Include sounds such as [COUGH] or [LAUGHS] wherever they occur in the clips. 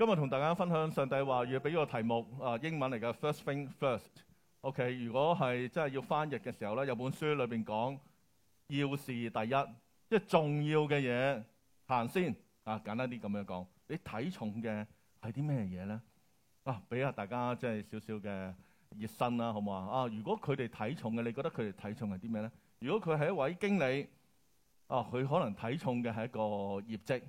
今日同大家分享上帝話語，俾個題目啊，英文嚟嘅。First things first，OK。如果係真係要翻譯嘅時候咧，有本書裏邊講要事第一，即係重要嘅嘢行先啊。簡單啲咁樣講，你睇重嘅係啲咩嘢咧？啊，俾下大家即係少少嘅熱身啦，好唔好啊？啊，如果佢哋睇重嘅，你覺得佢哋睇重係啲咩咧？如果佢係一位經理啊，佢可能睇重嘅係一個業績。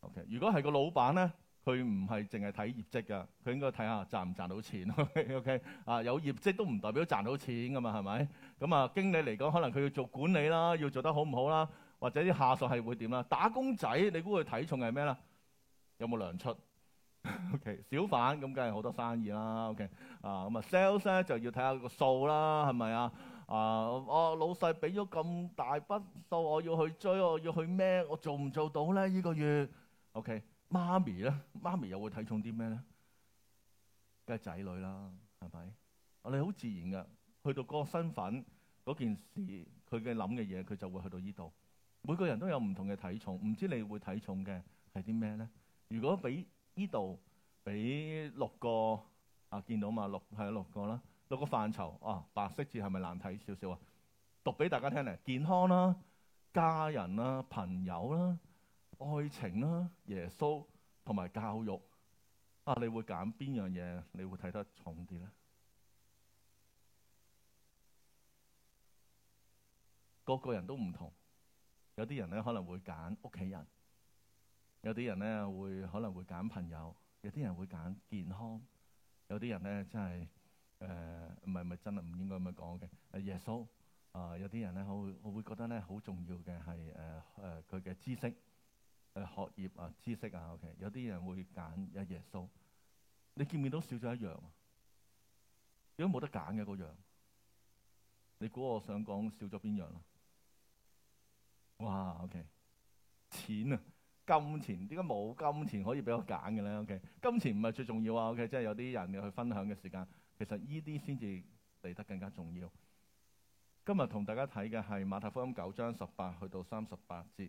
OK。如果係個老闆咧？佢唔係淨係睇業績噶，佢應該睇下賺唔賺到錢。O、okay, K，、okay? 啊，有業績都唔代表賺到錢噶嘛，係咪？咁啊，經理嚟講，可能佢要做管理啦，要做得好唔好啦，或者啲下屬係會點啦？打工仔你估佢睇重係咩啦？有冇糧出？O、okay, K，小販咁梗係好多生意啦。O K，啊咁啊，sales 咧就要睇下個數啦，係咪啊？啊，我、啊啊、老細俾咗咁大筆數，我要去追，我要去孭，我，我做唔做到咧？呢、呢個月。O K。媽咪咧，媽咪又會睇重啲咩咧？梗係仔女啦，係咪？我哋好自然噶，去到嗰個身份嗰件事，佢嘅諗嘅嘢，佢就會去到依度。每個人都有唔同嘅睇重，唔知你會睇重嘅係啲咩咧？如果俾依度，俾六個啊，見到嘛，六係啊六個啦，六個範疇啊，白色字係咪難睇少少啊？讀俾大家聽嚟，健康啦，家人啦，朋友啦。愛情啦、啊、耶穌同埋教育啊，你會揀邊樣嘢？你會睇得重啲咧？個個人都唔同，有啲人咧可能會揀屋企人，有啲人咧會可能會揀朋友，有啲人會揀健康，有啲人咧真係誒唔係唔係真啊，唔應該咁樣講嘅耶穌啊、呃，有啲人咧我會我會覺得咧好重要嘅係誒誒佢嘅知識。誒，學業啊，知識啊，OK，有啲人會揀阿耶穌，你見唔見到少咗一樣，啊，如果冇得揀嘅嗰樣？你估我想講少咗邊樣啦，啊？哇，OK，錢啊，金錢，點解冇金錢可以俾我揀嘅咧？OK，金錢唔係最重要啊，OK，即係有啲人你去分享嘅時間，其實呢啲先至嚟得更加重要。今日同大家睇嘅係馬太福音九章十八去到三十八節。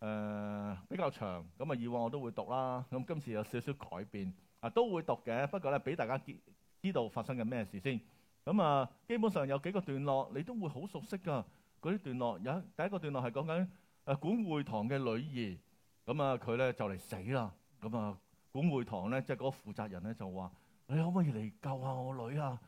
誒、呃、比較長咁啊、嗯！以往我都會讀啦，咁、嗯、今次有少少改變啊，都會讀嘅。不過咧，俾大家知知道發生緊咩事先咁、嗯、啊。基本上有幾個段落，你都會好熟悉噶嗰啲段落。有一第一個段落係講緊誒管會堂嘅女兒咁啊，佢咧就嚟死啦。咁啊，管會堂咧即係嗰個負責人咧就話：你可唔可以嚟救下、啊、我女啊？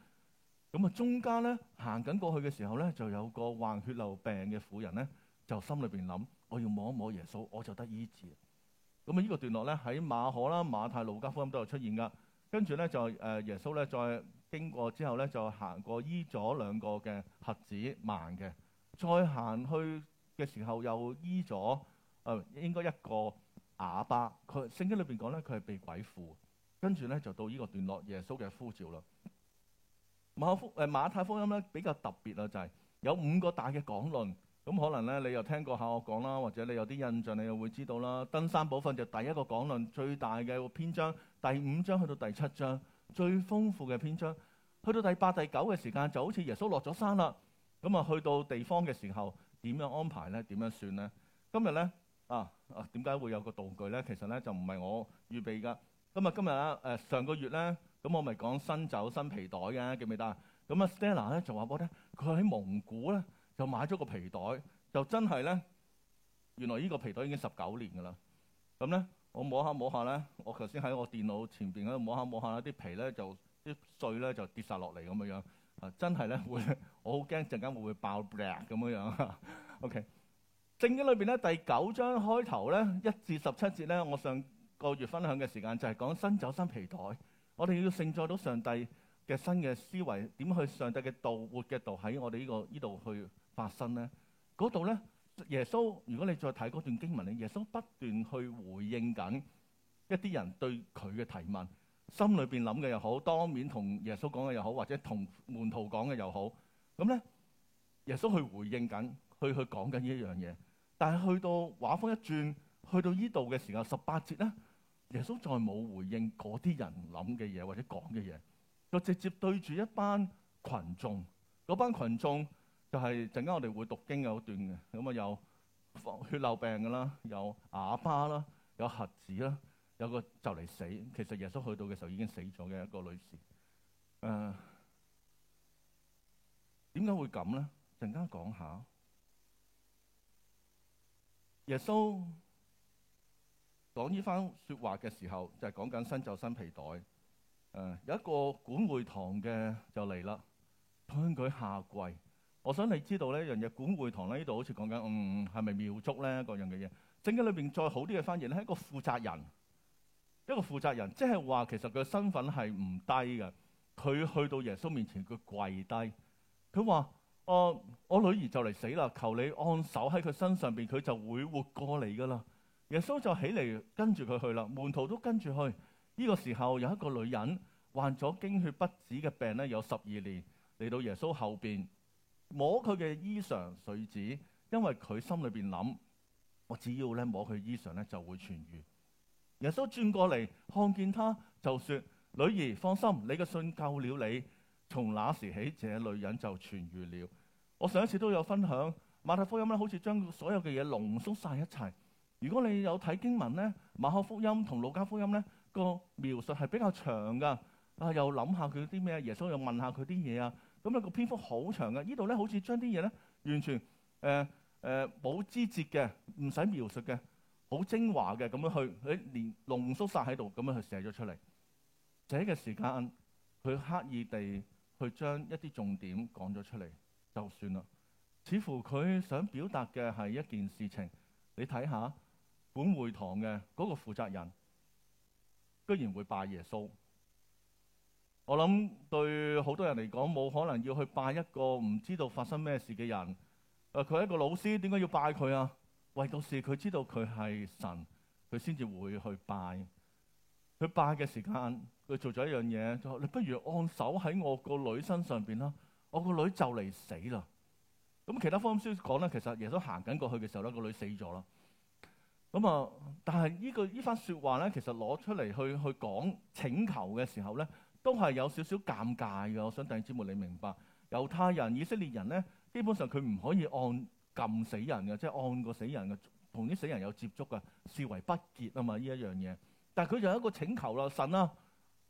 咁、嗯、啊，中間咧行緊過去嘅時候咧，就有個患血漏病嘅婦人咧，就心裏邊諗。我要摸一摸耶穌，我就得醫治。咁啊，呢個段落咧喺馬可啦、馬太、路加福音都有出現噶。跟住咧就係、呃、耶穌咧再經過之後咧就行過醫咗兩個嘅瞎子盲嘅，再行去嘅時候又醫咗誒、呃、應該一個啞巴。佢聖經裏邊講咧佢係被鬼附，跟住咧就到呢個段落耶穌嘅呼召啦。馬可福誒、呃、馬太福音咧比較特別啊、就是，就係有五個大嘅講論。咁可能咧，你又聽過下我講啦，或者你有啲印象，你又會知道啦。登山寶訓就第一個講論，最大嘅篇章，第五章去到第七章最豐富嘅篇章，去到第八、第九嘅時間就好似耶穌落咗山啦。咁啊，去到地方嘅時候點樣安排咧？點樣算咧？今日咧啊啊，點、啊、解會有個道具咧？其實咧就唔係我預備噶。咁啊，今日啊，誒、呃、上個月咧，咁我咪講新酒新皮袋嘅、啊，記唔記得啊？咁啊，Stella 咧就話我咧佢喺蒙古咧。就買咗個皮袋，就真係咧，原來呢個皮袋已經十九年㗎啦。咁咧，我摸下摸下咧，我頭先喺我電腦前邊嗰度摸下摸下啦，啲皮咧就啲碎咧就跌晒落嚟咁樣樣。啊，真係咧會，我好驚陣間會會爆裂咁樣這樣。OK，正經裏邊咧第九章開頭咧一至十七節咧，我上個月分享嘅時間就係講新酒新皮袋，我哋要承載到上帝嘅新嘅思維點去上帝嘅道活嘅道，喺我哋呢、這個呢度、這個這個、去。發生咧嗰度咧，耶穌。如果你再睇嗰段經文咧，耶穌不斷去回應緊一啲人對佢嘅提問，心裏邊諗嘅又好，當面同耶穌講嘅又好，或者同門徒講嘅又好。咁咧，耶穌去回應緊，去去講緊呢一樣嘢。但係去到畫風一轉，去到呢度嘅時候，十八節咧，耶穌再冇回應嗰啲人諗嘅嘢或者講嘅嘢，就直接對住一班群眾，嗰班群眾。就係陣間我哋會讀經嗰段嘅，咁啊有血漏病嘅啦，有啞巴啦，有瞎子啦，有一個就嚟死，其實耶穌去到嘅時候已經死咗嘅一個女士。誒、呃，點解會咁咧？陣間講下。耶穌講呢番説話嘅時候，就係講緊新酒新皮袋。誒、呃，有一個管會堂嘅就嚟啦，向佢下跪。我想你知道呢，一樣嘢，管會堂咧呢度好似講緊，嗯，係咪妙竹咧？各樣嘅嘢整緊裏面再好啲嘅翻譯咧，係一個負責人，一個負責人，即係話其實佢身份係唔低嘅。佢去到耶穌面前，佢跪低，佢話：我、哦、我女兒就嚟死啦，求你按手喺佢身上面，佢就會活過嚟噶啦。耶穌就起嚟跟住佢去啦，門徒都跟住去。呢、這個時候有一個女人患咗經血不止嘅病咧，有十二年嚟到耶穌後面。摸佢嘅衣裳繸子，因為佢心裏邊諗：我只要咧摸佢衣裳咧，就會痊愈。耶穌轉過嚟看見他，就說：女兒，放心，你嘅信救了你。從那時起，這女人就痊愈了。我上一次都有分享馬太福音咧，好似將所有嘅嘢濃縮晒一齊。如果你有睇經文咧，馬可福音同路加福音咧個描述係比較長噶。啊，又諗下佢啲咩，耶穌又問下佢啲嘢啊。咁、那、咧個篇幅好長嘅，呢度咧好似將啲嘢咧完全誒誒冇枝節嘅，唔使描述嘅，好精華嘅咁樣去，佢連濃縮晒喺度咁樣去寫咗出嚟。寫嘅時間，佢刻意地去將一啲重點講咗出嚟，就算啦。似乎佢想表達嘅係一件事情。你睇下，本會堂嘅嗰個負責人，居然會拜耶穌。我諗對好多人嚟講，冇可能要去拜一個唔知道發生咩事嘅人。誒、呃，佢係一個老師，點解要拜佢啊？唯獨是佢知道佢係神，佢先至會去拜。佢拜嘅時間，佢做咗一樣嘢，就你不如按手喺我個女身上邊啦。我個女就嚟死啦。咁其他福音書講咧，其實耶穌行緊過去嘅時候咧，個女死咗啦。咁啊，但係呢、這個呢番說話咧，其實攞出嚟去去講請求嘅時候咧。都係有少少尷尬嘅，我想第二節目你明白。猶太人、以色列人咧，基本上佢唔可以按撳死人嘅，即係按過死人嘅，同啲死人有接觸嘅，視為不潔啊嘛。呢一樣嘢，但係佢就有一個請求啦，神啊，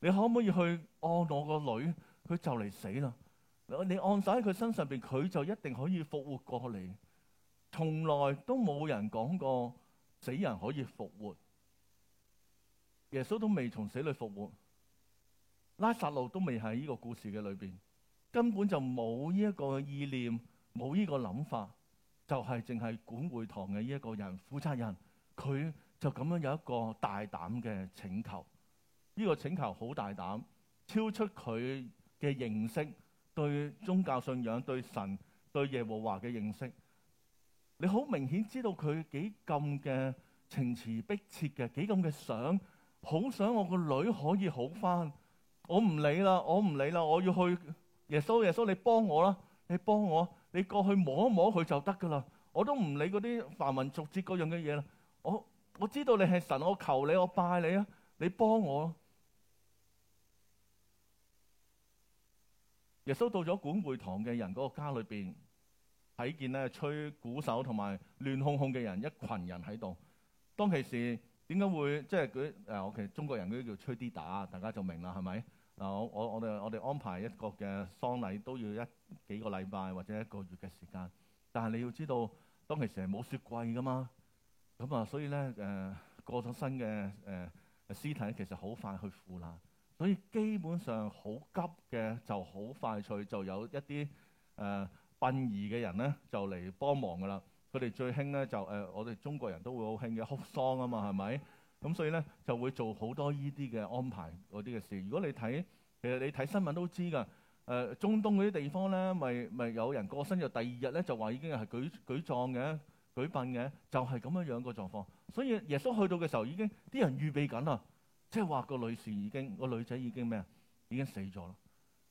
你可唔可以去按我個女？佢就嚟死啦，你按晒喺佢身上邊，佢就一定可以復活過嚟。從來都冇人講過死人可以復活，耶穌都未從死裏復活。拉撒路都未喺呢個故事嘅裏邊，根本就冇呢一個意念，冇呢個諗法，就係淨係管會堂嘅呢一個人負責人。佢就咁樣有一個大膽嘅請求，呢個請求好大膽，超出佢嘅認識，對宗教信仰、對神、對耶和華嘅認識。你好明顯知道佢幾咁嘅情詞逼切嘅，幾咁嘅想，好想我個女可以好返。我唔理啦，我唔理啦，我要去耶穌。耶穌，你幫我啦，你幫我，你過去摸一摸佢就得㗎啦。我都唔理嗰啲繁文縟節嗰樣嘅嘢啦。我我知道你係神，我求你，我拜你啊，你幫我。耶穌到咗管會堂嘅人嗰個家裏邊，睇見咧，吹鼓手同埋亂哄哄嘅人一群人喺度。當時為什麼、呃、其時點解會即係誒？我哋中國人嗰啲叫吹啲打，大家就明啦，係咪？我我哋我哋安排一個嘅喪禮都要一幾個禮拜或者一個月嘅時間，但係你要知道，當其時係冇雪櫃噶嘛，咁啊，所以咧誒、呃、過咗身嘅誒屍體其實好快去腐爛，所以基本上好急嘅就好快脆就有一啲誒、呃、殯儀嘅人咧就嚟幫忙噶啦，佢哋最興咧就誒、呃、我哋中國人都會好興嘅哭喪啊嘛，係咪？咁所以咧就會做好多依啲嘅安排嗰啲嘅事。如果你睇其實你睇新聞都知㗎，呃，中東嗰啲地方咧，咪咪有人過身，就第二日咧就話已經係舉舉葬嘅、舉殯嘅，就係、是、咁樣樣個個狀況。所以耶穌去到嘅時候已經啲人預備緊啦，即係話個女士已經個女仔已經咩啊？已經死咗啦。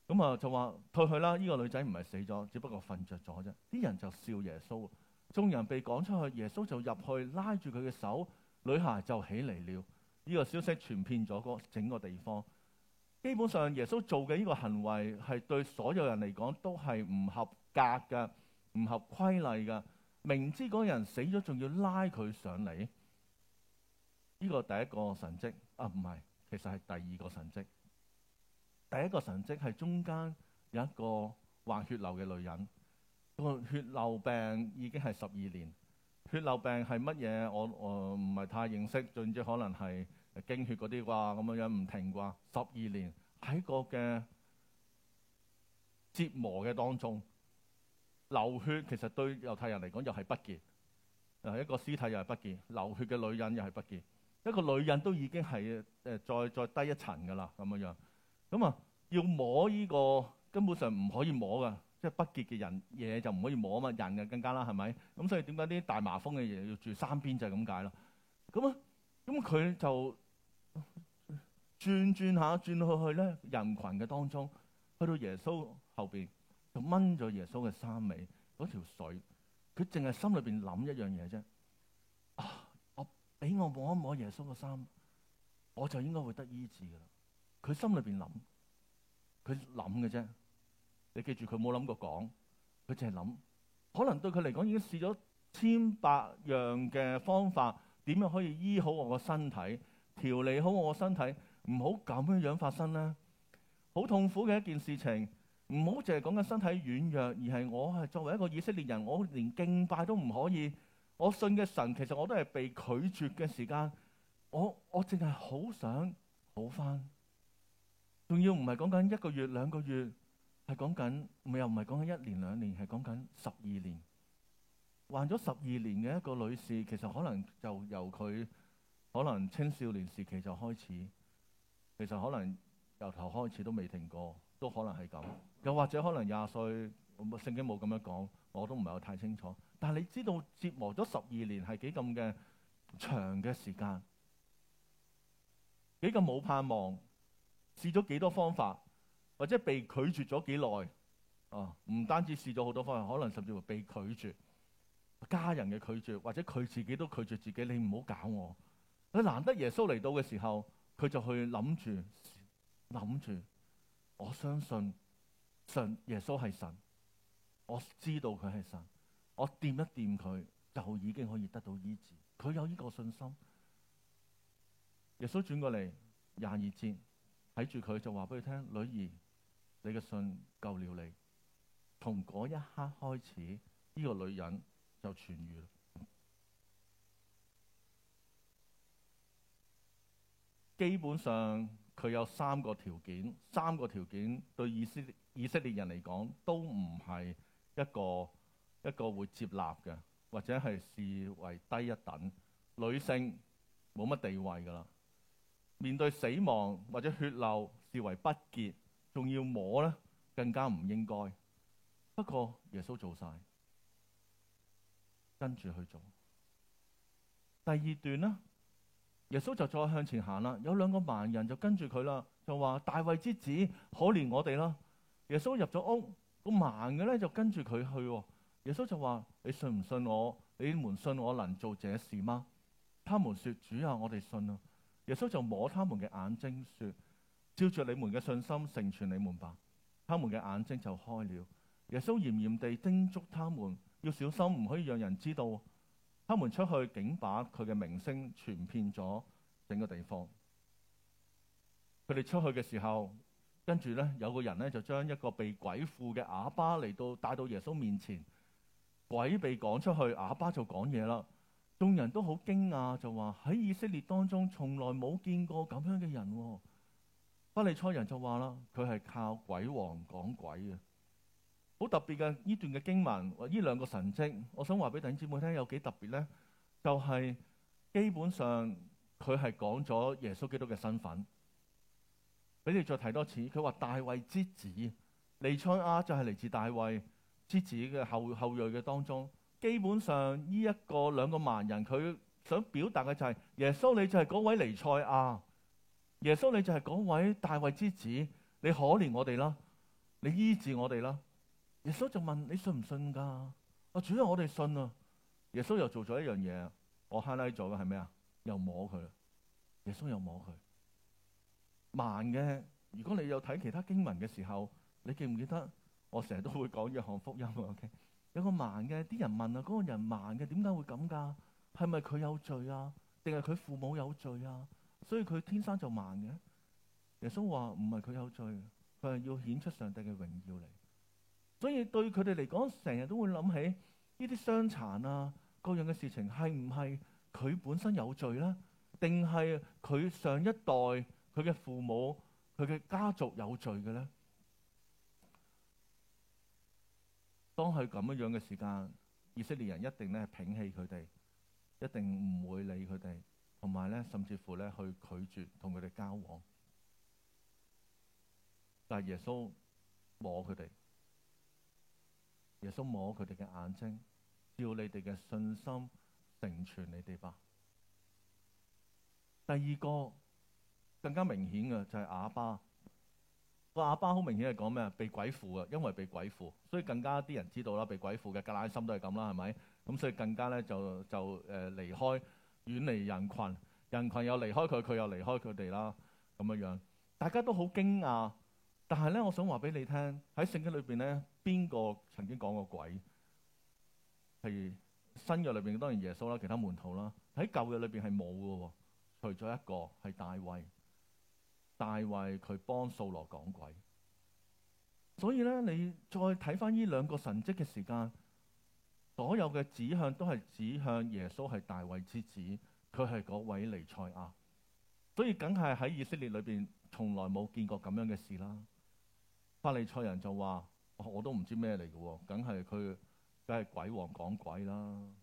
咁啊就話退去啦。呢、這個女仔唔係死咗，只不過瞓着咗啫。啲人就笑耶穌。眾人被趕出去，耶穌就入去拉住佢嘅手。女孩就起嚟了，呢個消息傳遍咗個整個地方。基本上耶穌做嘅呢個行為係對所有人嚟講都係唔合格嘅，唔合規例嘅。明知嗰個人死咗，仲要拉佢上嚟。呢個第一個神迹啊，唔係，其實係第二個神蹟。第一個神蹟係中間有一個患血流嘅女人，個血流病已經係十二年。血流病係乜嘢？我我唔係太認識，甚至可能係經血嗰啲啩咁樣，唔停啩。十二年喺個嘅折磨嘅當中，流血其實對猶太人嚟講又係不潔，啊一個屍體又係不潔，流血嘅女人又係不潔，一個女人都已經係誒、呃、再再低一層㗎啦咁樣。咁啊要摸呢、這個根本上唔可以摸㗎。即係不潔嘅人嘢就唔可以摸啊嘛，人就更加啦，係咪？咁所以點解啲大麻風嘅嘢要住山邊就係咁解咯。咁啊，咁佢就轉轉下，轉到去去咧人群嘅當中，去到耶穌後邊，就掹咗耶穌嘅衫尾嗰條水。佢淨係心裏邊諗一樣嘢啫。啊，我俾我摸一摸耶穌嘅衫，我就應該會得醫治㗎啦。佢心裏邊諗，佢諗嘅啫。你記住，佢冇諗過講，佢淨係諗可能對佢嚟講已經試咗千百樣嘅方法，點樣可以醫好我個身體，調理好我個身體，唔好咁樣樣發生呢。好痛苦嘅一件事情，唔好淨係講緊身體軟弱，而係我係作為一個以色列人，我連敬拜都唔可以，我信嘅神其實我都係被拒絕嘅時間，我我淨係好想好翻，仲要唔係講緊一個月、兩個月。係講緊又唔係講緊一年兩年，係講緊十二年，患咗十二年嘅一個女士，其實可能就由佢可能青少年時期就開始，其實可能由頭開始都未停過，都可能係咁。又或者可能廿歲，我聖經冇咁樣講，我都唔係太清楚。但係你知道折磨咗十二年係幾咁嘅長嘅時間，幾咁冇盼望，試咗幾多方法。或者被拒絕咗幾耐啊？唔單止試咗好多方法，可能甚至乎被拒絕，家人嘅拒絕，或者佢自己都拒絕自己。你唔好搞我！你難得耶穌嚟到嘅時候，佢就去諗住諗住，我相信神耶穌係神，我知道佢係神，我掂一掂佢就已經可以得到醫治。佢有呢個信心。耶穌轉過嚟，廿二節睇住佢，佢就話俾佢聽：女兒。你嘅信救了你，從嗰一刻開始，呢、這個女人就痊愈。基本上佢有三個條件，三個條件對以色列以色列人嚟講都唔係一個一個會接納嘅，或者係視為低一等，女性冇乜地位噶啦。面對死亡或者血漏視為不潔。仲要摸咧，更加唔應該。不過耶穌做晒，跟住去做。第二段啦，耶穌就再向前行啦，有兩個盲人就跟住佢啦，就話：大衞之子，可憐我哋啦！耶穌入咗屋，個盲嘅咧就跟住佢去，哦。耶穌就話：你信唔信我？你們信我能做這事嗎？他們說：主啊，我哋信啊！耶穌就摸他們嘅眼睛，說。照住你們嘅信心成全你們吧，他們嘅眼睛就開了。耶穌嚴嚴地叮囑他們要小心，唔可以讓人知道。他們出去竟把佢嘅名聲傳遍咗整個地方。佢哋出去嘅時候，跟住呢，有個人呢，就將一個被鬼附嘅啞巴嚟到帶到耶穌面前，鬼被趕出去，啞巴就講嘢啦。眾人都好驚訝，就話喺以色列當中從來冇見過咁樣嘅人喎。不利賽人就話啦，佢係靠鬼王講鬼嘅，好特別嘅呢段嘅經文，呢兩個神蹟，我想話俾弟兄姊妹聽，有幾特別咧？就係、是、基本上佢係講咗耶穌基督嘅身份。俾你再睇多次，佢話大衛之子彌賽亞就係嚟自大衛之子嘅後後裔嘅當中。基本上呢一個兩個盲人，佢想表達嘅就係、是、耶穌，你就係嗰位彌賽亞。耶穌你就係嗰位大衛之子，你可憐我哋啦，你醫治我哋啦。耶穌就問你信唔信噶？啊主，啊我哋信啊。耶穌又做咗一樣嘢，我 h a n 咗嘅係咩啊？又摸佢。耶穌又摸佢。盲嘅，如果你有睇其他經文嘅時候，你記唔記得？我成日都會講約翰福音啊。Okay? 有個盲嘅，啲人問啊，嗰、嗰個人盲嘅，點解會咁噶？係咪佢有罪啊？定係佢父母有罪啊？所以佢天生就慢嘅。耶穌話唔係佢有罪，佢係要顯出上帝嘅榮耀嚟。所以對佢哋嚟講，成日都會諗起呢啲傷殘啊、各樣嘅事情，係唔係佢本身有罪呢？定係佢上一代、佢嘅父母、佢嘅家族有罪嘅咧？當係咁樣樣嘅時間，以色列人一定咧摒棄佢哋，一定唔會理佢哋。同埋咧，甚至乎咧，去拒絕同佢哋交往。但係耶穌摸佢哋，耶穌摸佢哋嘅眼睛，照你哋嘅信心成全你哋吧。第二個更加明顯嘅就係啞巴，個啞巴好明顯係講咩？被鬼附啊！因為被鬼附，所以更加啲人知道啦，被鬼附嘅格拉心都係咁啦，係咪？咁所以更加咧就就誒、呃、離開。遠離人群，人群又離開佢，佢又離開佢哋啦，咁樣樣，大家都好驚訝。但係咧，我想話俾你聽，喺聖經裏邊咧，邊個曾經講過鬼？譬如新約裏邊當然耶穌啦，其他門徒啦。喺舊約裏邊係冇嘅，除咗一個係大衛，大衛佢幫掃羅講鬼。所以咧，你再睇翻呢兩個神跡嘅時間。所有嘅指向都係指向耶穌係大衛之子，佢係嗰位尼賽亞，所以梗係喺以色列裏邊從來冇見過咁樣嘅事啦。法利賽人就話：哦，我都唔知咩嚟嘅，梗係佢梗係鬼王講鬼啦。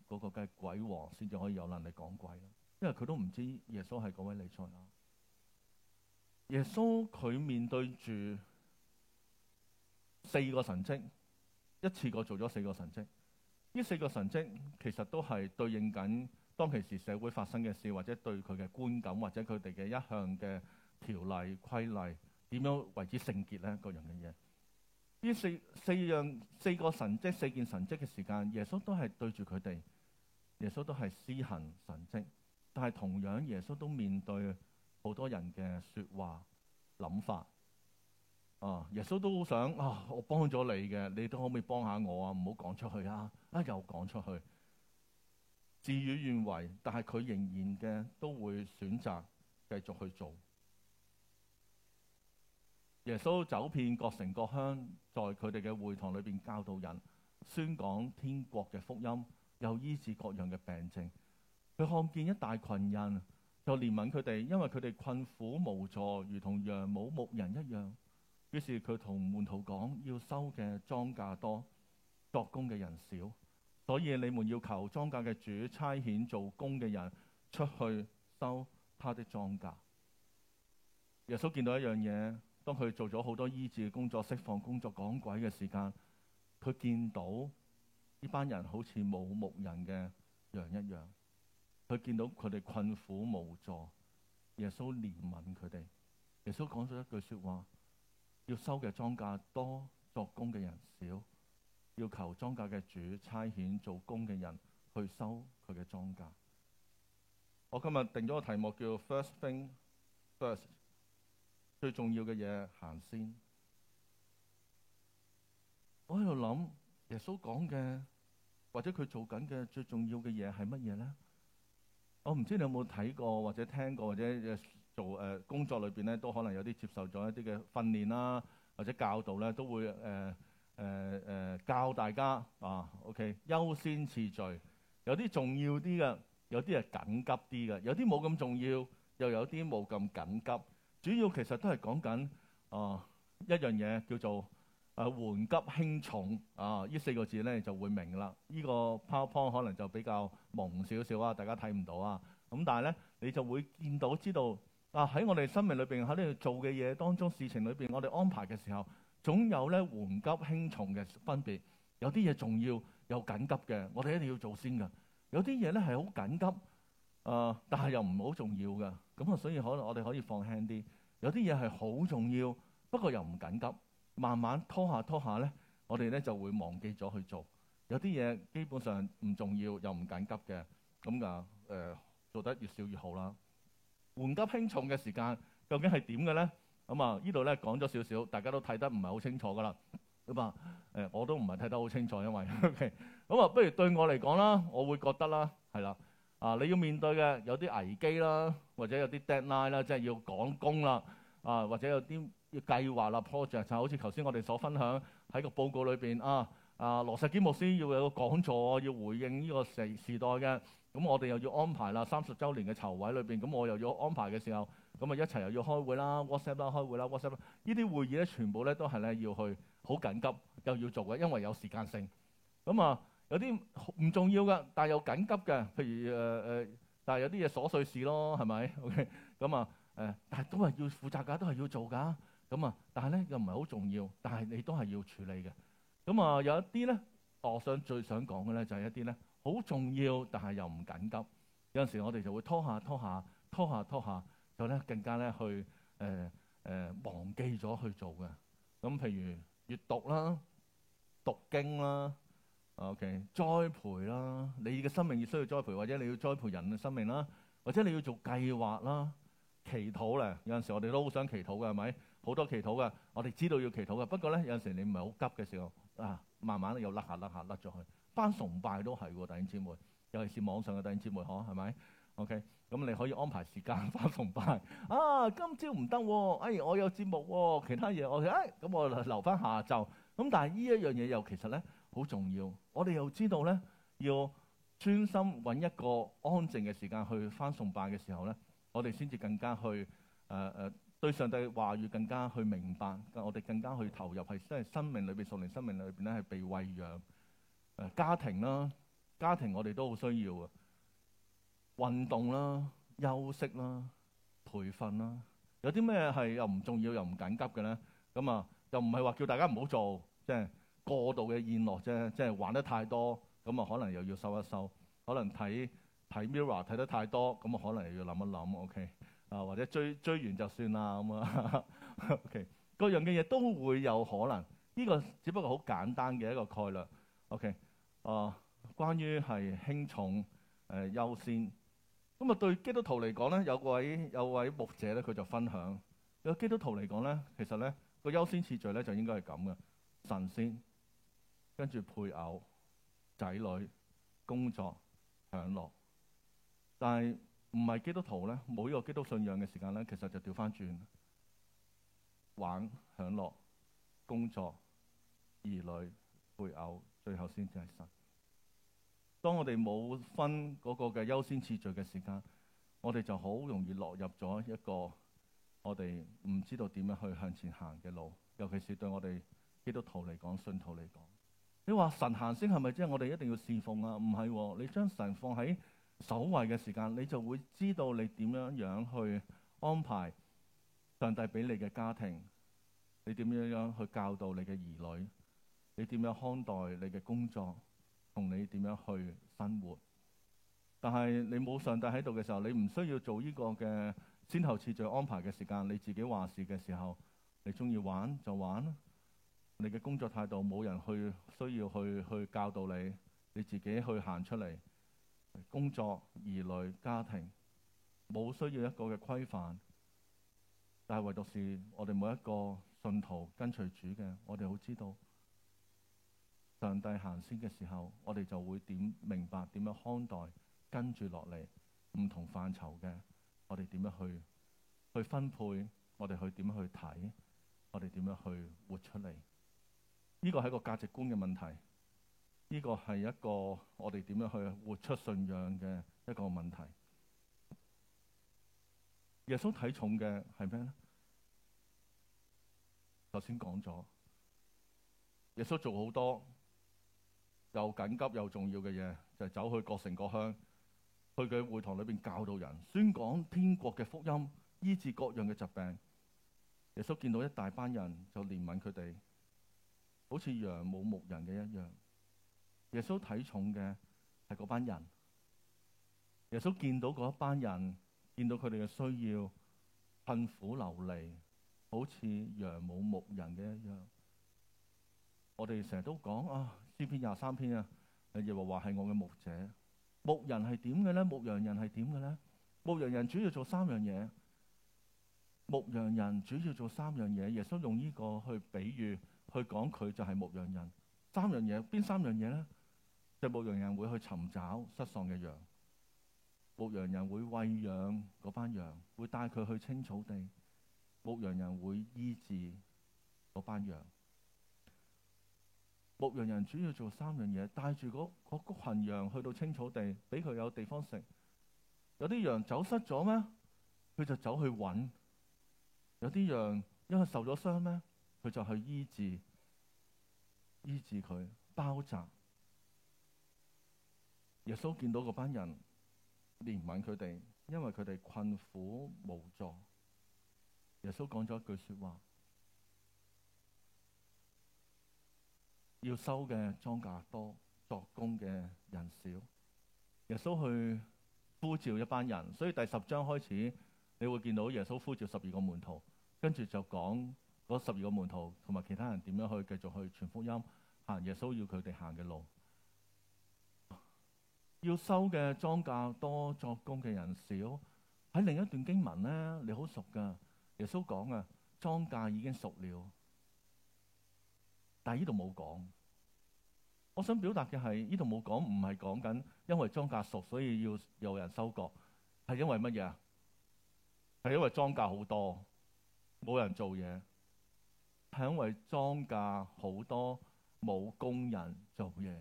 嗰個梗係鬼王先至可以有能力講鬼啦，因為佢都唔知耶穌係嗰位尼賽亞。耶穌佢面對住四個神蹟，一次過做咗四個神蹟。呢四個神蹟其實都係對應緊當其時社會發生嘅事，或者對佢嘅觀感，或者佢哋嘅一向嘅條例規例點樣為之聖潔呢？各樣嘅嘢，呢四四樣四個神蹟四件神蹟嘅時間，耶穌都係對住佢哋，耶穌都係施行神蹟，但係同樣耶穌都面對好多人嘅說話諗法，啊，耶穌都好想啊，我幫咗你嘅，你都可唔可以幫下我啊？唔好講出去啊！啊！又講出去，事與願違，但係佢仍然嘅都會選擇繼續去做。耶穌走遍各城各鄉，在佢哋嘅會堂裏面教導人，宣講天國嘅福音，又醫治各樣嘅病症。佢看見一大群人，就憐憫佢哋，因為佢哋困苦無助，如同羊冇牧人一樣。於是佢同門徒講：要收嘅莊稼多。作工嘅人少，所以你們要求莊稼嘅主差遣做工嘅人出去收他的莊稼。耶穌見到一樣嘢，當佢做咗好多醫治嘅工作、釋放工作、趕鬼嘅時間，佢見到呢班人好似冇牧人嘅羊一樣，佢見到佢哋困苦無助，耶穌憐憫佢哋。耶穌講咗一句說話：要收嘅莊稼多，作工嘅人少。要求莊稼嘅主差遣做工嘅人去收佢嘅莊稼。我今日定咗個題目叫 First Thing First，最重要嘅嘢行先。我喺度諗耶穌講嘅，或者佢做緊嘅最重要嘅嘢係乜嘢咧？我唔知你有冇睇過或者聽過或者做誒、呃、工作裏邊咧，都可能有啲接受咗一啲嘅訓練啦、啊，或者教導咧，都會誒。呃誒、呃呃、教大家啊，OK 優先次序，有啲重要啲嘅，有啲係緊急啲嘅，有啲冇咁重要，又有啲冇咁緊急。主要其實都係講緊啊一樣嘢叫做誒、啊、緩急輕重啊，呢四個字咧就會明啦。呢、呢個 PowerPoint 可能就比較朦少少啊，大家睇唔到啊。咁但係咧，你就會見到知道啊喺我哋生命裏面，喺呢度做嘅嘢當中事情裏面我哋安排嘅時候。總有咧緩急輕重嘅分別，有啲嘢重要又緊急嘅，我哋一定要先做先嘅。有啲嘢咧係好緊急，誒、呃，但係又唔好重要嘅，咁啊，所以可能我哋可以放輕啲。有啲嘢係好重要，不過又唔緊急，慢慢拖下拖下咧，我哋咧就會忘記咗去做。有啲嘢基本上唔重要又唔緊急嘅，咁啊誒，做得越少越好啦。緩急輕重嘅時間究竟係點嘅咧？咁、嗯、啊，呢度咧講咗少少，大家都睇得唔係好清楚噶啦。咁啊，誒、欸、我都唔係睇得好清楚，因為咁啊、okay 嗯，不如對我嚟講啦，我會覺得啦，係啦。啊，你要面對嘅有啲危機啦，或者有啲 deadline 啦，即係要趕工啦。啊，或者有啲計劃啦，project 就好似頭先我哋所分享喺個報告裏邊啊啊，羅實基牧師要有個講座，要回應呢個時時代嘅。咁我哋又要安排啦，三十週年嘅籌委裏邊，咁我又要安排嘅時候。咁啊！一齊又要開會啦，WhatsApp 啦，開會啦，WhatsApp 啦。呢啲會議咧，全部咧都係咧要去好緊急，又要做嘅，因為有時間性。咁啊，有啲唔重要嘅，但係又緊急嘅，譬如誒誒、呃，但係有啲嘢瑣碎事咯，係咪？OK，咁啊誒，但係都係要負責㗎，都係要做㗎。咁啊，但係咧又唔係好重要，但係你都係要處理嘅。咁啊，有一啲咧，我想最想講嘅咧就係一啲咧好重要，但係又唔緊急。有陣時我哋就會拖下拖下拖下拖下。拖下拖下就咧更加咧去誒誒、呃呃、忘記咗去做嘅，咁譬如閱讀啦、讀經啦，OK，栽培啦，你嘅生命亦需要栽培，或者你要栽培人嘅生命啦，或者你要做計劃啦、祈禱咧。有陣時我哋都好想祈禱嘅，係咪？好多祈禱嘅，我哋知道要祈禱嘅。不過咧，有陣時你唔係好急嘅時候，啊，慢慢又甩下甩下甩咗去，班崇拜都係，弟兄姐妹，尤其是網上嘅弟兄姐妹，嗬，係咪？OK，咁你可以安排時間翻崇拜。啊，今朝唔得，哎，我有節目，啊，其他嘢我，哎，咁我留翻下晝。咁但係呢一樣嘢又其實咧好重要。我哋又知道咧要專心揾一個安靜嘅時間去翻崇拜嘅時候咧，我哋先至更加去誒誒、呃、對上帝話語更加去明白。我哋更加去投入係即係生命裏邊，屬靈生命裏邊咧係被餵養。誒、呃，家庭啦，家庭我哋都好需要啊。運動啦、休息啦、培訓啦，有啲咩係又唔重要又唔緊急嘅咧？咁啊，又唔係話叫大家唔好做，即係過度嘅宴樂啫，即係玩得太多，咁啊可能又要收一收，可能睇睇 Mirror 睇得太多，咁啊可能又要諗一諗，OK 啊，或者追追完就算啦，咁啊，OK，各樣嘅嘢都會有可能，呢個只不過好簡單嘅一個概略，OK，啊，關於係輕重誒、呃、優先。咁啊，對基督徒嚟講咧，有位有位牧者咧，佢就分享，有基督徒嚟講咧，其實咧個優先次序咧就應該係咁嘅，神先，跟住配偶、仔女、工作、享樂。但係唔係基督徒咧，冇呢個基督信仰嘅時間咧，其實就調翻轉，玩、享樂、工作、兒女、配偶，最後先至係神。當我哋冇分嗰個嘅優先次序嘅時間，我哋就好容易落入咗一個我哋唔知道點樣去向前行嘅路。尤其是對我哋基督徒嚟講、信徒嚟講，你話神行先係咪即係我哋一定要侍奉啊？唔係，哦，你將神放喺首位嘅時間，你就會知道你點樣樣去安排上帝俾你嘅家庭，你點樣樣去教導你嘅兒女，你點樣看待你嘅工作。同你點樣去生活？但係你冇上帝喺度嘅時候，你唔需要做呢個嘅先後次序安排嘅時間。你自己話事嘅時候，你中意玩就玩啦。你嘅工作態度冇人去需要去去教導你，你自己去行出嚟。工作、兒女、家庭，冇需要一個嘅規範。但係唯獨是，我哋每一個信徒跟隨主嘅，我哋好知道。上帝行先嘅時候，我哋就會點明白點樣看待，跟住落嚟唔同範疇嘅，我哋點樣去去分配，我哋去點樣去睇，我哋點樣去活出嚟？呢、這個係一個價值觀嘅問題，呢、這個係一個我哋點樣去活出信仰嘅一個問題。耶穌睇重嘅係咩咧？頭先講咗，耶穌做好多。又緊急又重要嘅嘢，就係，走去各城各鄉，去佢會堂裏面教導人、宣講天國嘅福音、醫治各樣嘅疾病。耶穌見到一大班人，就憐憫佢哋，好似羊冇牧人嘅一樣。耶穌睇重嘅係嗰班人。耶穌見到嗰一班人，見到佢哋嘅需要、困苦流離，好似羊冇牧人嘅一樣。我哋成日都講啊～呢篇廿三篇啊！耶和華係我嘅牧者，牧人係點嘅咧？牧羊人係點嘅咧？牧羊人主要做三樣嘢。牧羊人主要做三樣嘢。耶穌用呢個去比喻，去講佢就係牧羊人。三樣嘢，邊三樣嘢咧？即、就係、牧羊人會去尋找失喪嘅羊，牧羊人會餵養嗰班羊，會帶佢去青草地，牧羊人會醫治嗰班羊。牧羊人主要做三樣嘢，帶住嗰嗰群羊去到青草地，俾佢有地方食。有啲羊走失咗咩？佢就走去揾。有啲羊因為受咗傷咩？佢就去醫治，醫治佢包紮。耶穌見到嗰班人，憐憫佢哋，因為佢哋困苦無助。耶穌講咗一句說話。要收嘅莊稼多，作工嘅人少。耶穌去呼召一班人，所以第十章開始，你會見到耶穌呼召十二個門徒，跟住就講嗰十二個門徒同埋其他人點樣去繼續去傳福音，行耶穌要佢哋行嘅路。要收嘅莊稼多，作工嘅人少。喺另一段經文咧，你好熟噶，耶穌講啊，莊稼已經熟了。但係呢度冇講，我想表達嘅係呢度冇講，唔係講緊因為莊稼熟所以要有人收割，係因為乜嘢啊？係因為莊稼好多，冇人做嘢，係因為莊稼好多冇工人做嘢，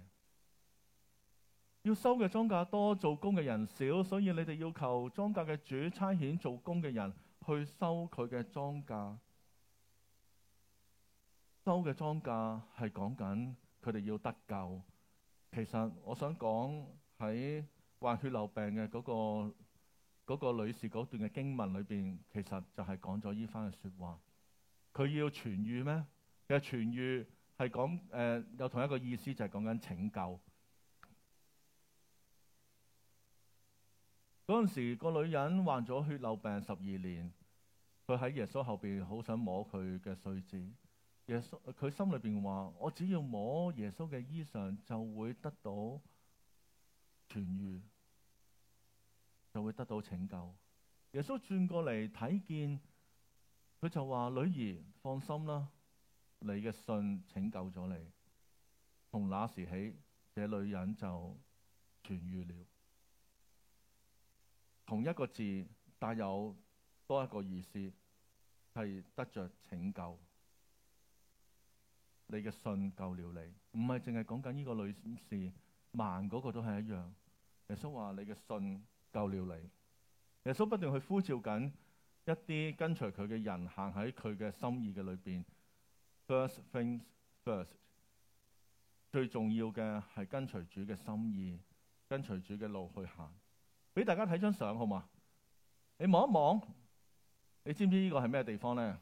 要收嘅莊稼多，做工嘅人少，所以你哋要求莊稼嘅主差遣做工嘅人去收佢嘅莊稼。收嘅莊稼係講緊佢哋要得救。其實我想講喺患血漏病嘅嗰、嗰個、嗰個女士嗰段嘅經文裏邊，其實就係講咗呢番嘅說話。佢要痊愈咩？其實痊愈係講誒，有同一個意思，就係講緊拯救。嗰、那、陣、個、時、嗰個女人患咗血漏病十二年，佢喺耶穌後邊好想摸佢嘅繸子。耶穌佢心裏邊話：我只要摸耶穌嘅衣裳，就會得到痊愈，就會得到拯救。耶穌轉過嚟睇見，佢就話：女兒放心啦，你嘅信拯救咗你。從那時起，這女人就痊愈了。同一個字帶有多一個意思，係得着拯救。你嘅信救了你，唔係淨係講緊呢個女士，盲嗰個都係一樣。耶穌話：你嘅信救了你。耶穌不斷去呼召緊一啲跟隨佢嘅人，行喺佢嘅心意嘅裏邊。First things first，最重要嘅係跟隨主嘅心意，跟隨主嘅路去行。俾大家睇張相好嗎？你望一望，你知唔知呢個係咩地方咧？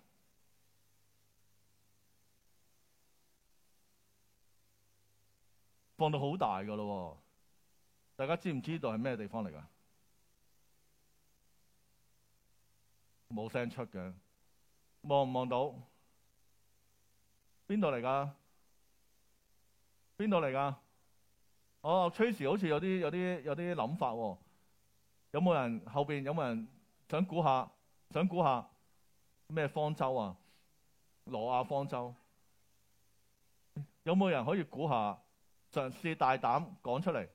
放到好大噶咯。哦，大家知唔知道係咩地方嚟噶？冇聲出嘅，望唔望到？邊度嚟噶？邊度嚟噶？哦，崔氏好似有啲有啲有啲諗法喎，有冇人後邊有冇人想估下？想估下咩方舟啊？挪亞方舟，有冇人可以估下？嘗試大膽講出嚟，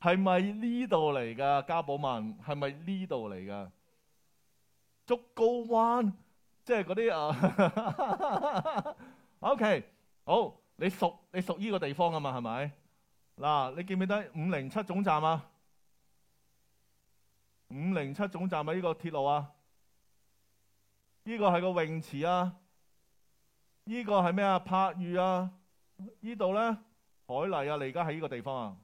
係咪呢度嚟噶？嘉寶萬係咪呢度嚟噶？竹篙灣即係嗰啲啊。 [LAUGHS] o、okay, K，好，你熟你熟呢個地方噶嘛？係咪嗱？你記唔記得五零七總站啊？五零七總站啊？呢個鐵路啊？呢、這個係個泳池啊？呢、這個係咩啊？柏御啊？呢度咧？海麗啊，你而家喺呢個地方啊？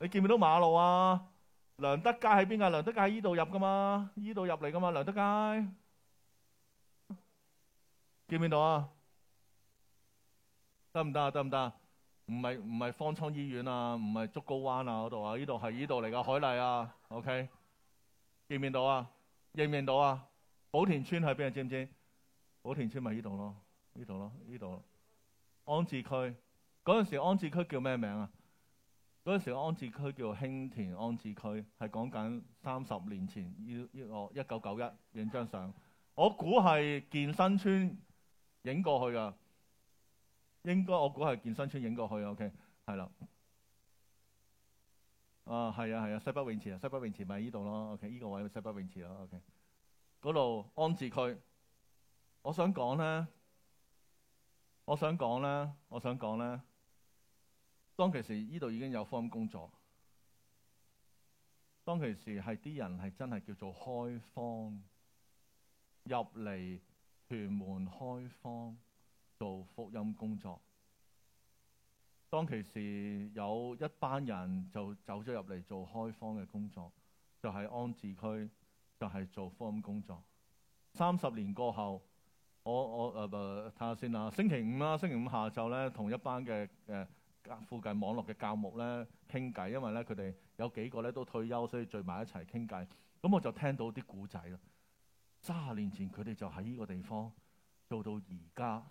你見唔見到馬路啊？梁德街喺邊啊？梁德街喺呢度入噶嘛？呢度入嚟噶嘛？梁德街，見唔見到啊？得唔得啊？得唔得？唔係唔係方艙醫院啊？唔係竹篙灣啊？嗰度啊？呢度係呢度嚟噶，海麗啊，OK？見唔見到啊？認唔認到啊？寶田村喺邊啊？知唔知？寶田村咪呢度咯？呢度咯？呢度。安置區嗰陣時，安置區叫咩名啊？嗰陣時安置區叫興田安置區，係講緊三十年前，要、呢個、一九九一影張相。我估係健身村影過去噶，應該我估係健身村影過去的。OK，係啦。啊，係啊，係啊，西北泳池啊，西北泳池咪依度咯。OK，呢個位西北泳池咯。OK，嗰度安置區，我想講咧。我想講呢，我想講呢，當其時呢度已經有福音工作，當其時係啲人係真係叫做開荒，入嚟屯門開荒，做福音工作，當其時有一班人就走咗入嚟做開荒嘅工作，就喺安置區，就係、是、做福音工作，三十年過後。我我誒誒睇下先啦，星期五啦、啊，星期五下晝咧，同一班嘅誒、呃、附近網絡嘅教牧咧傾偈，因為咧佢哋有幾個咧都退休，所以聚埋一齊傾偈。咁我就聽到啲古仔啦。三十年前佢哋就喺呢個地方做到而家，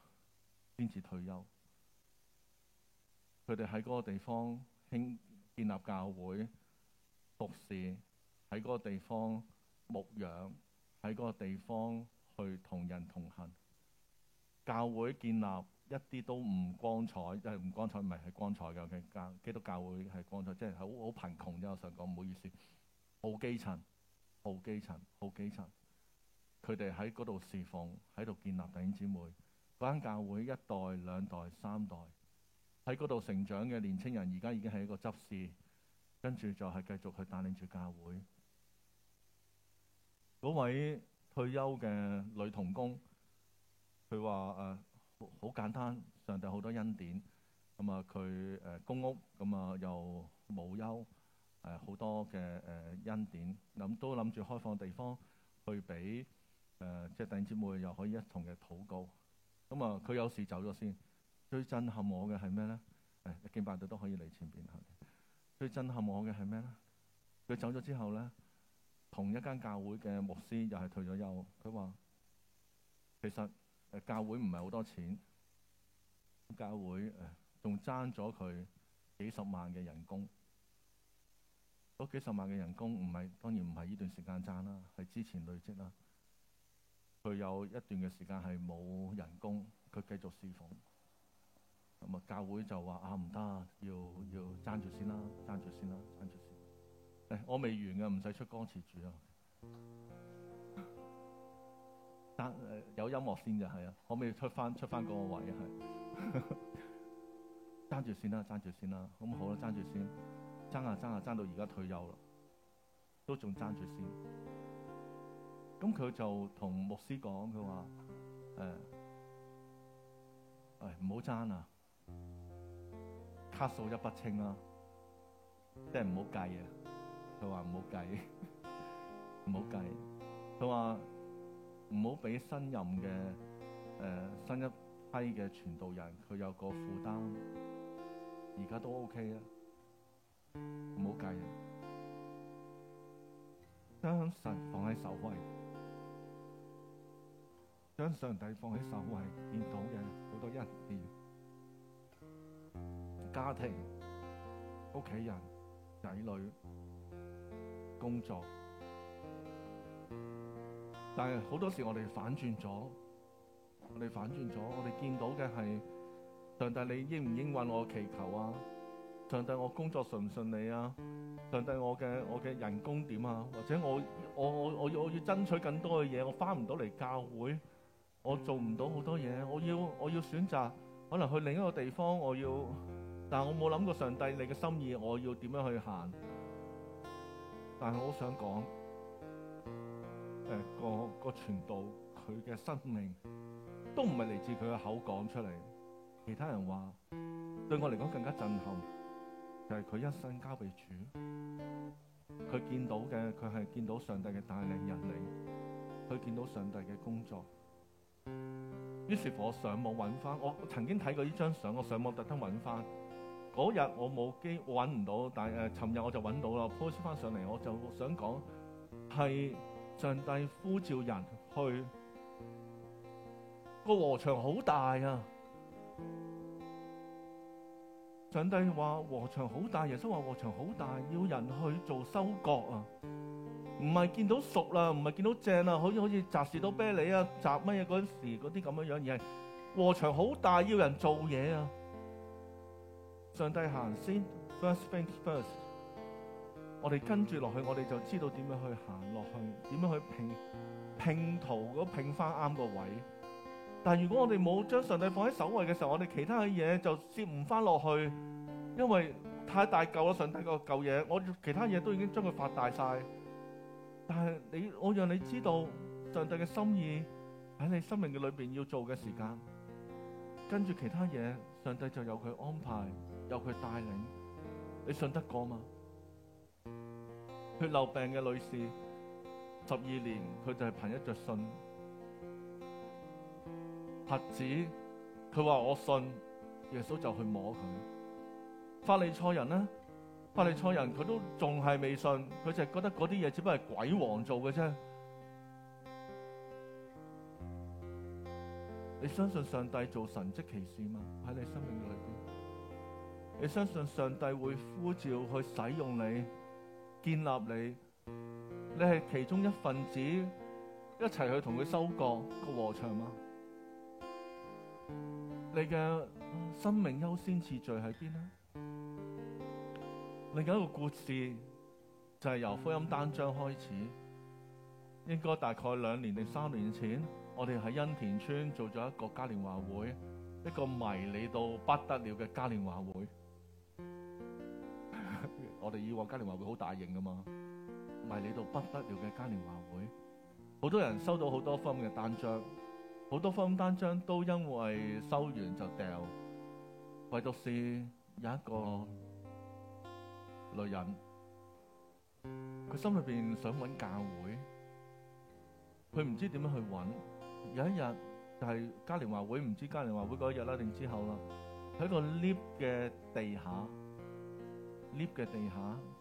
先至退休。佢哋喺嗰個地方興建立教會，服侍喺嗰個地方牧養，喺嗰個地方去同人同行。教會建立一啲都唔光彩，即係唔光彩，唔係係光彩嘅。教基督教會係光彩，即係好好貧窮啫。我想講唔好意思，好基層，好基層，好基層。佢哋喺嗰度侍奉，喺度建立弟兄姊妹嗰間教會，一代、兩代、三代喺嗰度成長嘅年青人，而家已經係一個執事，跟住就係繼續去帶領住教會。嗰位退休嘅女童工。佢話誒好簡單，上帝好多恩典，咁啊佢誒公屋，咁、嗯、啊又冇憂，誒、呃、好多嘅誒恩典，諗都諗住開放地方去俾誒即係弟兄姊妹又可以一同嘅禱告，咁啊佢有事走咗先。最震撼我嘅係咩咧？誒、哎、一見拜的都可以嚟前邊行。最震撼我嘅係咩咧？佢走咗之後咧，同一間教會嘅牧師又係退咗休。佢話其實。教會唔係好多錢，教會誒仲爭咗佢幾十萬嘅人工，嗰幾十萬嘅人工唔係當然唔係呢段時間爭啦，係之前累積啦。佢有一段嘅時間係冇人工，佢繼續侍奉，咁啊教會就話啊唔得，要要爭住先啦，爭住先啦，爭住先。誒、哎、我未完嘅，唔使出光切住啊！但呃、有音樂先就係啊，可唔可以出翻出翻個位啊？係爭住先啦，爭住先啦。咁好啦，爭住先，爭啊爭啊，爭到而家退休啦，都仲爭住先。咁佢就同牧師講，佢話誒，誒唔好爭啊，卡數一筆清啦、啊，即係唔好計啊。佢話唔好計，唔好計。佢話。唔好俾新任嘅、呃、新一批嘅傳道人佢有個負擔，而家都 OK 啊，唔好計。將神放喺首位，將上帝放喺首位，見到嘅好多恩典、家庭、屋企人、仔女、工作。但係好多時我哋反轉咗，我哋反轉咗，我哋見到嘅係上帝，你應唔應允我祈求啊？上帝，我工作順唔順利啊？上帝我，我嘅我嘅人工點啊？或者我我我我我要爭取更多嘅嘢，我返唔到嚟教會，我做唔到好多嘢，我要我要選擇可能去另一個地方，我要，但係我冇諗過上帝你嘅心意，我要點樣去行？但係我想講。誒、呃、個個傳道，佢嘅生命都唔係嚟自佢嘅口講出嚟。其他人話，對我嚟講更加震撼，就係、是、佢一生交俾主。佢見到嘅，佢係見到上帝嘅大能人嚟。佢見到上帝嘅工作。於是乎，我上網揾翻，我曾經睇過呢張相，我上網特登揾翻。嗰日我冇機，我揾唔到，但誒尋日我就揾到啦，post 翻上嚟，我就想講係。上帝呼召人去，個禾場好大啊！上帝話禾場好大，耶穌話禾場好大，要人去做收割啊！唔係見到熟啦、啊，唔係見到正啦、啊，好似好似摘士多啤梨啊，摘乜嘢嗰陣時嗰啲咁樣樣，而係禾場好大，要人做嘢啊！上帝行先，First Things First。我哋跟住落去，我哋就知道點樣去行落去，點樣去拼拼圖嗰拼翻啱個位。但係如果我哋冇將上帝放喺首位嘅時候，我哋其他嘅嘢就接唔翻落去，因為太大舊啦，上帝個舊嘢，我其他嘢都已經將佢發大晒。但係你，我讓你知道上帝嘅心意喺你生命嘅裏邊要做嘅時間，跟住其他嘢，上帝就有佢安排，有佢帶領，你信得過嗎？血流病嘅女士，十二年佢就係憑一着信，孩子佢話我信耶穌就去摸佢。法利賽人呢？法利賽人佢都仲係未信，佢就係覺得嗰啲嘢只不過係鬼王做嘅啫。你相信上帝做神蹟奇事嘛？喺你生命裏邊，你相信上帝會呼召去使用你？建立你，你係其中一份子，一齊去同佢收割個禾場嗎？你嘅生命優先次序喺邊呢？另一個故事就係、是、由福音單張開始，應該大概兩年定三年前，我哋喺恩田村做咗一個嘉年華會，一個迷你到不得了嘅嘉年華會。我哋以往嘉年華會好大型噶嘛，咪你到不得了嘅嘉年華會，好多人收到好多封嘅單張，好多封單張都因為收完就掉，唯獨是有一個女人，佢心裏面想揾教會，佢唔知點樣去揾，有一日就係嘉年華會，唔知嘉年華會嗰日啦定之後啦，喺個 lift 嘅地下。lift 嘅地下，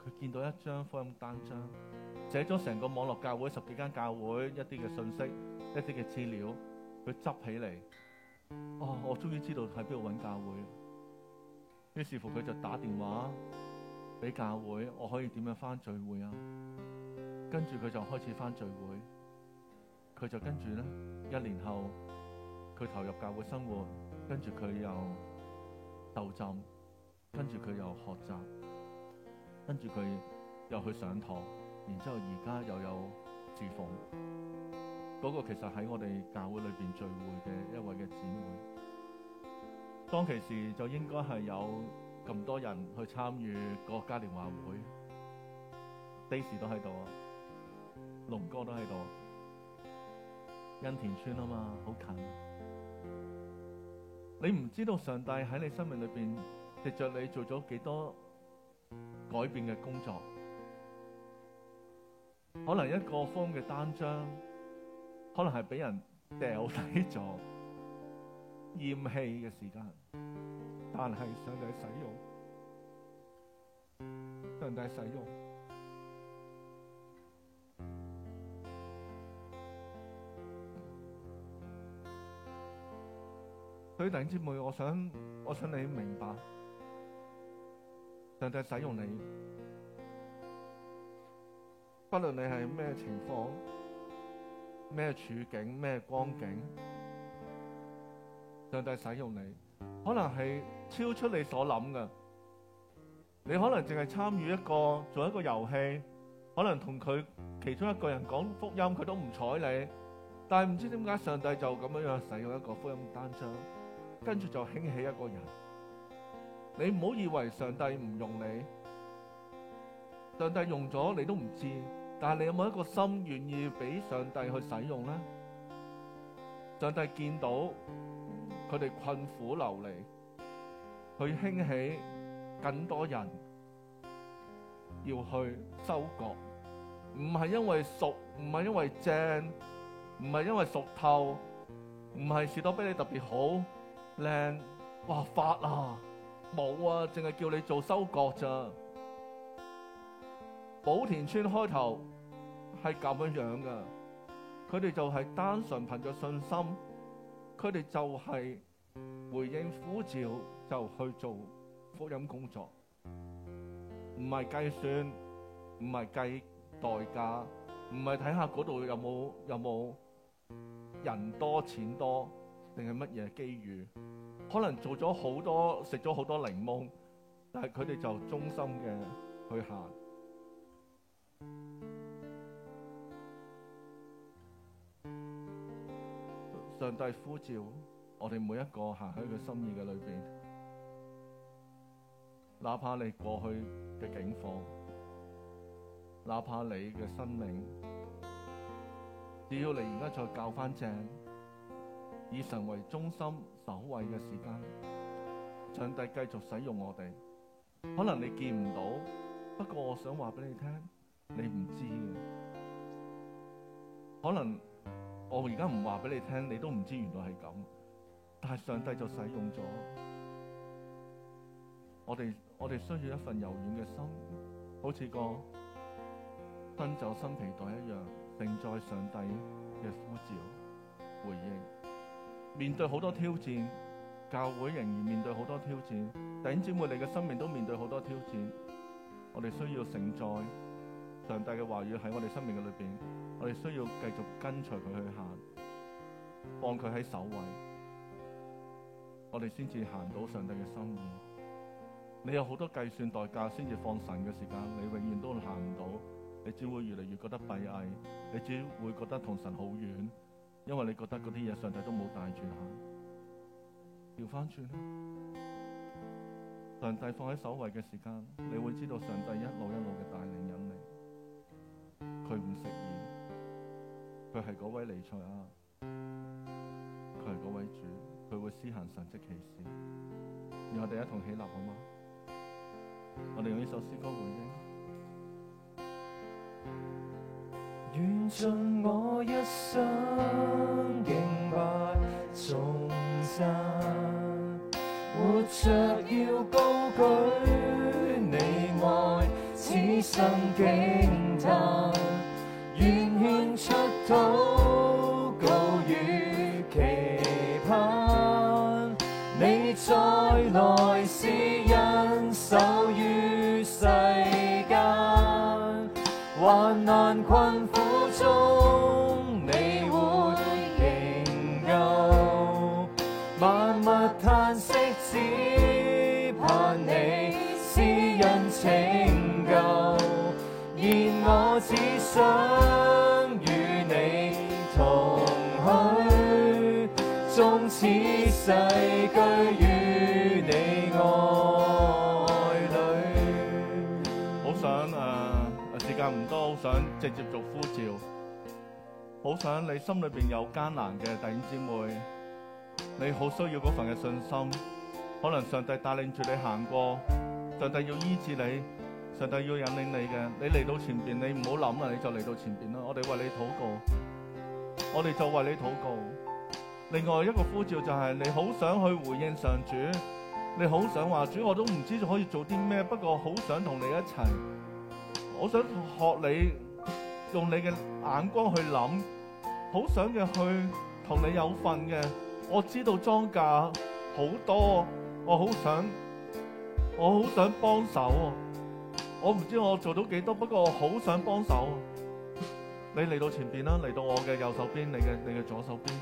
佢見到一張福音單張，寫咗成個網絡教會十幾間教會一啲嘅信息、一啲嘅資料，佢執起嚟，哦，我終於知道喺邊度揾教會。於是乎佢就打電話俾教會，我可以點樣返聚會啊？跟住佢就開始返聚會，佢就跟住咧一年後，佢投入教會生活，跟住佢又鬥爭，跟住佢又學習。跟住佢又去上堂，然之後而家又有侍奉。嗰、那個其實喺我哋教會裏邊聚會嘅一位嘅姊妹，當其時就應該係有咁多人去參與個嘉年華會。嗯、Daisy 都喺度，啊，龍哥都喺度，恩田村啊嘛，好近。你唔知道上帝喺你生命裏邊藉着你做咗幾多？改變嘅工作，可能一個方嘅單張，可能係俾人掉低咗，厭棄嘅時間，但係上帝使用，上帝使用。所以弟兄姊妹，我想，我想你明白。上帝使用你，不論你係咩情況、咩處境、咩光景，上帝使用你，可能係超出你所諗嘅。你可能淨係參與一個做一個遊戲，可能同佢其中一個人講福音，佢都唔睬你。但係唔知點解，上帝就咁樣樣使用一個福音單張，跟住就興起一個人。你唔好以為上帝唔用你，上帝用咗你都唔知。但係你有冇一個心願意俾上帝去使用呢？上帝見到佢哋困苦流離，去興起更多人要去收割，唔係因為熟，唔係因為正，唔係因為熟透特別特別，唔係士多啤梨特別好靚哇發啊！冇啊，淨係叫你做收割咋。寶田村開頭係咁樣樣㗎，佢哋就係單純憑住信心，佢哋就係回應呼召就去做福音工作，唔係計算，唔係計代價，唔係睇下嗰度有冇、有冇人多錢多，定係乜嘢機遇。可能做咗好多，食咗好多檸檬，但係佢哋就忠心嘅去行。上帝呼召我哋每一個行喺佢心意嘅裏邊，哪怕你過去嘅境況，哪怕你嘅生命，只要你而家再較返正，以神為中心。守衛嘅時間，上帝繼續使用我哋。可能你見唔到，不過我想話俾你聽，你唔知嘅。可能我而家唔話俾你聽，你都唔知原來係咁。但係上帝就使用咗我哋，我哋需要一份柔軟嘅心，好似個新酒新皮袋一樣，並在上帝嘅呼召回應。面對好多挑戰，教會仍然面對好多挑戰，頂尖我你嘅生命都面對好多挑戰。我哋需要承載上帝嘅話語喺我哋生命嘅裏邊，我哋需要繼續跟隨佢去行，放佢喺首位，我哋先至行到上帝嘅心意。你有好多計算代價先至放神嘅時間，你永遠都行唔到，你只會越嚟越覺得閉翳，你只會覺得同神好遠。因為你覺得嗰啲嘢，上帝都冇帶住下，調翻轉啦！上帝放喺首位嘅時間，你會知道上帝一路一路嘅帶領引領。佢唔食言，佢係嗰位彌賽亞啊！佢係嗰位主，佢會施行神蹟奇事。讓我哋一同起立好嗎？我哋用呢首詩歌回應。.盡我一生敬拜頌讚，活着要高舉你愛，此生敬。直接做呼召，好想你心裏邊有艱難嘅弟兄姊妹，你好需要嗰份嘅信心。可能上帝帶領住你行過，上帝要醫治你，上帝要引領你嘅。你嚟到前邊，你唔好諗啊，你就嚟到前邊啦。我哋為你禱告，我哋就為你禱告。另外一個呼召就係，你好想去回應上主，你好想話主，我都唔知可以做啲咩，不過好想同你一齊，我想學你。用你嘅眼光去諗，好想嘅去同你有份嘅。我知道莊稼好多，我好想，我好想幫手。我唔知我做到幾多，不過我好想幫手。你嚟到前邊啦，嚟到我嘅右手邊，你嘅你嘅左手邊。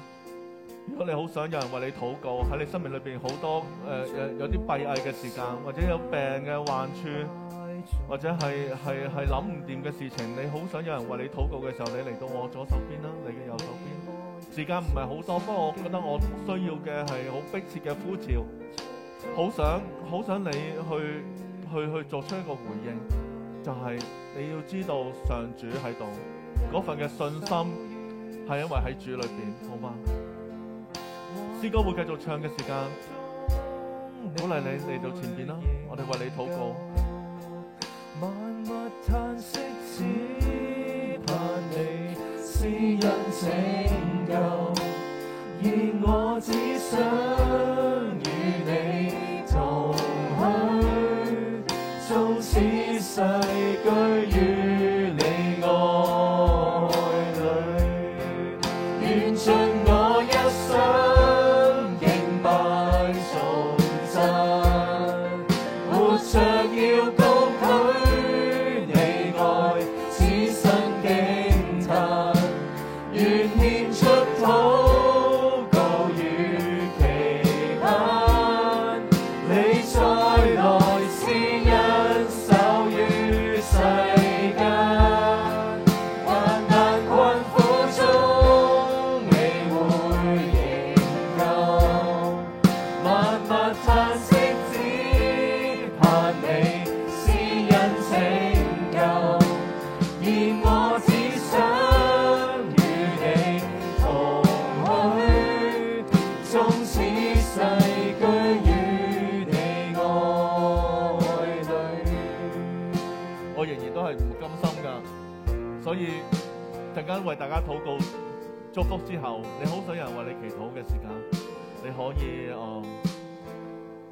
如果你好想有人為你禱告，喺你生命裏邊好多誒誒、呃、有啲閉翳嘅時間，或者有病嘅患處。或者係係係諗唔掂嘅事情，你好想有人為你禱告嘅時候，你嚟到我左手邊啦，你嘅右手邊。時間唔係好多，不過我覺得我需要嘅係好迫切嘅呼召，好想好想你去去去作出一個回應，就係你要知道上主喺度，嗰份嘅信心係因為喺主裏邊，好嗎？詩歌會繼續唱嘅時間，鼓勵你嚟到前邊啦，我哋為你禱告。嘆息，只盼你施恩拯救，而我只想與你同去，縱使世居於你愛裏。福之後你好想有人為你祈禱嘅時間，你可以哦、嗯、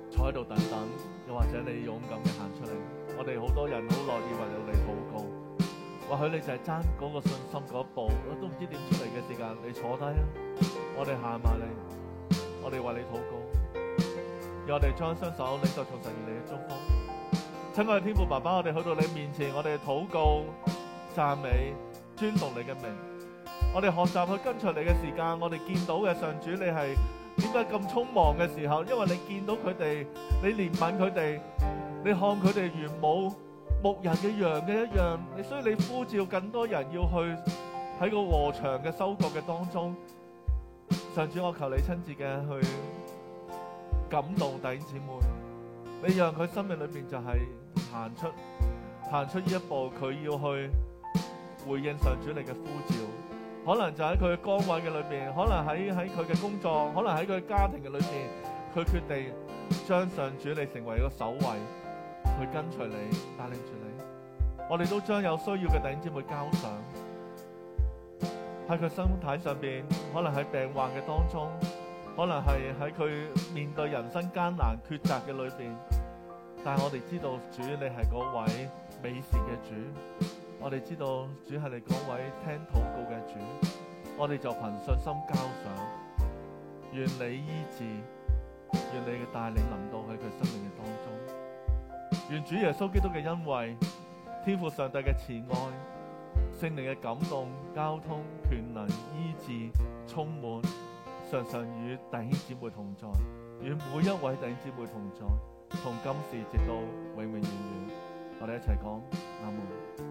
坐喺度等等，又或者你勇敢嘅行出嚟。我哋好多人好樂意為到你禱告，或許你就係爭嗰個信心嗰一步，我都唔知點出嚟嘅時間，你坐低啦。我哋行埋嚟，我哋為你禱告，我哋張開雙手，拎到從神而嚟嘅祝福。親愛嘅天父爸爸，我哋去到你面前，我哋禱告讚美尊崇你嘅名。我哋學習去跟隨你嘅時間，我哋見到嘅上主，你係點解咁匆忙嘅時候？因為你見到佢哋，你憐憫佢哋，你看佢哋如冇牧人嘅羊嘅一樣。所以你呼召更多人要去喺個禾場嘅收割嘅當中，上主，我求你親自嘅去感動弟兄姊妹，你讓佢生命裏邊就係行出行出呢一步，佢要去回應上主你嘅呼召。可能就喺佢嘅崗位嘅裏邊，可能喺喺佢嘅工作，可能喺佢家庭嘅裏邊，佢決定將上主你成為一個首位，去跟隨你帶領住你。我哋都將有需要嘅弟兄姊妹交上，喺佢身體上邊，可能喺病患嘅當中，可能係喺佢面對人生艱難抉擇嘅裏邊，但係我哋知道主你係嗰位美善嘅主。我哋知道主係你講位聽禱告嘅主，我哋就憑信心交上，願你醫治，願你嘅帶領臨到喺佢生命嘅當中。願主耶穌基督嘅恩惠、天父上帝嘅慈愛、聖靈嘅感動、交通、權能、醫治，充滿常常與弟兄姊妹同在，與每一位弟兄姊妹同在，同今時直到永永遠遠，我哋一齊講阿門。